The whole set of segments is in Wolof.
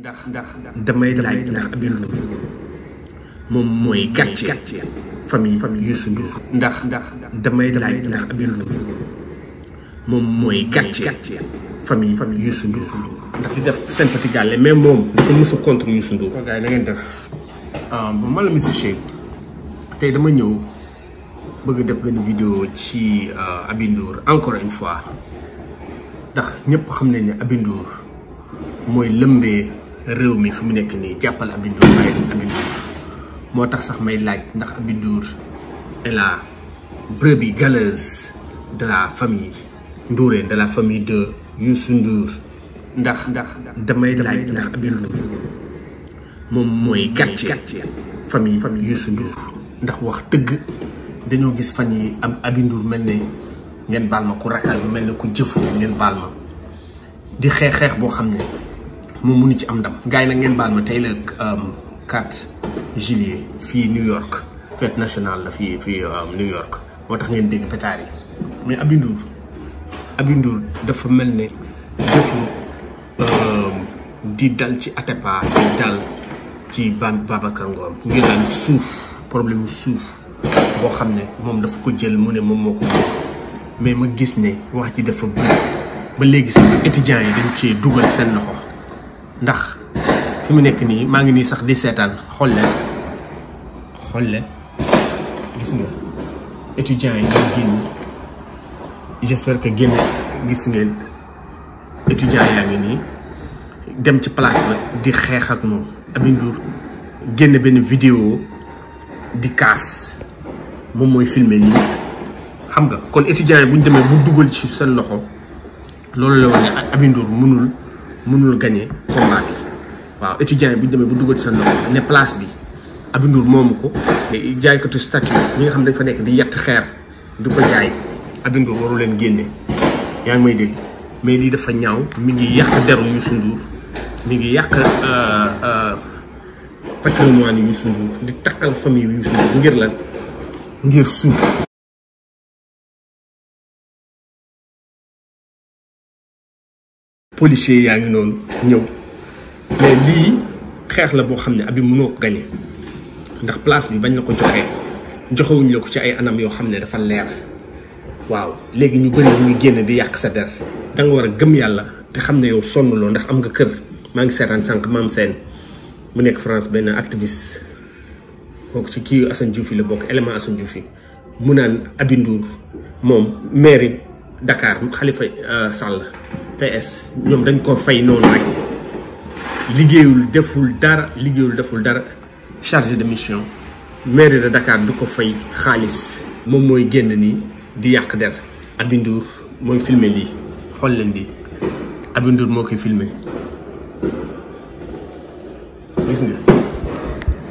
ndax ndax damay laaj ndax Habib moom mooy gàcce famille Youssou Ndour ndax ndax damay laaj ndax Habib moom mooy gàcce famille Youssou Ndour ndax di def sympathie gàlle mais moom dafa mësu contre Youssou ngeen def ah, bu ma la tey dama ñëw bëgg def benn vidéo ci Habib euh, encore une fois ndax ñëpp xam nañ ne Habib Ndour mooy lëmbee réew mi fi mu nekk nii jàppal Aby moo tax sax may laaj ndax Aby Ndour est la brebis galeuse de la famille Ndouré de la famille ndax ndax damay laaj ndax Aby moom mooy gàcce famille Youssou Ndour ndax wax tëgg dañoo gis fan yi am Aby mel ne ngeen baal ma ku rakkal bi mel ne ku jëfu ngeen baal ma di xeex xeex boo xam ne moom mu mënu ci am ndam gars yi ngeen baal ma tey la 4 um, juillet fii New York fête nationale la fii fii um, New York moo tax ngeen dégg pétard yi mais Aby Ndour Aby dafa mel ni defu um, di dal ci Atépa di dal ci Babacar Ngom ngir daan suuf problème suuf boo xam ne moom dafa ko jël mu ne moom moo ko mais ma gis ne wax ji dafa bëri ba léegi sax étudiants yi dañ cee dugal seen loxo. ndax fi mu nekk nii maa ngi nii sax di seetaan xool leen xool leen gis nga étudiants yi ñoo génn j'espère que génn gis ngeen étudiants yaa ngi nii dem ci place ba di xeexat ak moom Aby génn benn vidéo di kaas moom mooy filmer nii xam nga kon étudiants yi bu demee bu dugal ci seen loxo loolu la wax ne Aby mënul mënul gagner combat bi waaw étudiants yi bu bu duggal ci sa nom ne place bi Aby momuko moomu ko te jaaykatu ñi nga xam dañ fa nek di yett xéer du ko jaay Aby waru len génne yaa ngi may dégg mais li dafa ñaaw mi ngi yàq deru Youssou Ndour mi ngi yàq euh, euh, patrimoine Youssou Ndour di takkal famille yu Ndour ngir lan ngir suuf policier yaa ngi noonu ñëw mais li xex la bo xam abi mëno ko gañe ndax place bi bañ la ko joxee joxewuñ la ci ay anam yo xam dafa leer waaw léegi ñu bëri ñu génn di yak sa der da nga wara gëm yalla te xam yow sonn lo ndax am nga kër ma ngi sétan sank mam sen mu nek France ben activiste Bok ci ki Assane djoufi le bok element Assane djoufi mu nan abindour mom maire Dakar Khalifa euh, Sall PS nous dañ ko fay non rek deful dar deful dar chargé de mission mairie de Dakar du ko fay khalis mom moy la ni di yak der Abindour moy filmé. filmer koy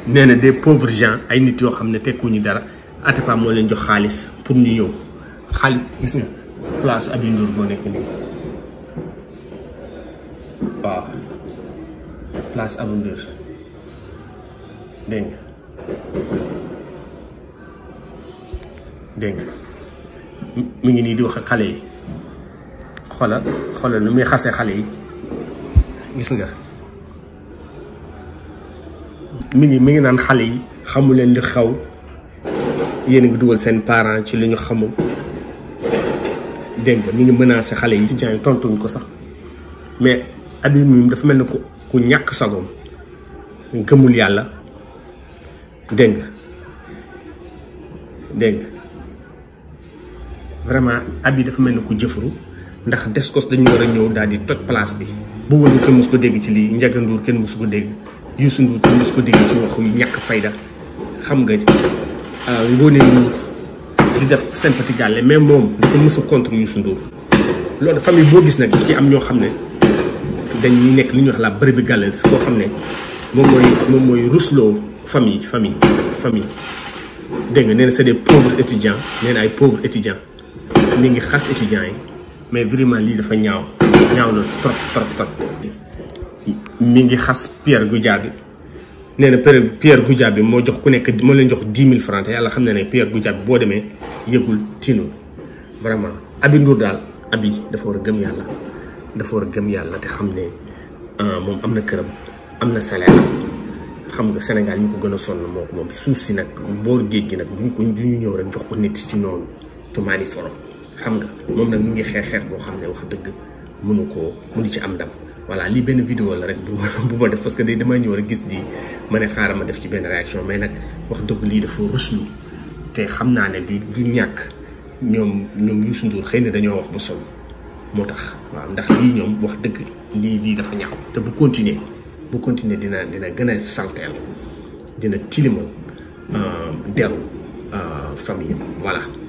nga des pauvres gens ay nit yo xamné ne ñu dara Atepa mo leen jox khalis pour ñu ñew l'a gis nga place waaw place Abondeur dégg nga mu ngi nii di wax xale yi xoolal xoolal nu muy xase xale yi gis nga mi ngi mi ngi naan xale yi xamu leen li xaw yéen ngi dugal seen parents ci li ñu xamul dégg nga mi ngi menacé xale yi. étudiants yi tontuñ ko sax mais. Habib moom dafa mel na ku ku ñàkk sagoom gëmul yàlla dégg nga dégg nga vraiment Habib dafa mel ni ku jëfru ndax Descos dañu war a ñëw daal di toj place bi bu wëndu kenn mës ko dégg ci lii Ndiaga kenn mës ko dégg Youssou Ndour kenn ci waxu ñàkk fayda xam nga euh, Ngoné Ndour di def sympathique mais moom dafa mës a contre Youssou Ndour loolu famille boo gis nag daf ci am ñoo xam ne dañuy nekk li ñu wax la bi galeuse koo xam ne moom mooy moom mooy rusloo famille famille famille dégg nga nee na c'est des pauvres étudiants nee na ay pauvres étudiants mi ngi xas étudiants yi mais vraiment lii dafa ñaaw ñaaw na trop trop trop mi ngi xas Pierre Goudiaby nee na Pierre Goudiaby moo jox ku nekk moo leen jox dix mille francs te yàlla xam na ne Pierre Goudiaby boo demee yëgul tiinul vraiment Aby Ndour daal Aby dafa war a gëm yàlla dafa war a gëm yàlla te xam ne moom am na këram am na salaire xam nga Sénégal ñu ko gën a sonn moo ko moom suuf si nag boor géej gi nag duñ ko duñu ñëw rek jox ko nit ci noonu tumaani foro xam nga moom nag mu ngi xeex xeex boo xam ne wax dëgg mënu ko mënu ci am ndam voilà lii benn vidéo la rek bu bu ma def parce que day damay ñëw rek gis di ma ne xaaral ma def ci benn réaction mais nag wax dëgg lii dafa ruslu te xam naa ne du du ñàkk ñoom ñoom Youssou Ndour xëy na dañoo wax ba sol moo tax waaw ndax lii ñoom wax dëgg lii lii dafa ñaaw te bu continuer bu continuer dina dina gën a salteel dina tilimal euh, deru euh, famille voilà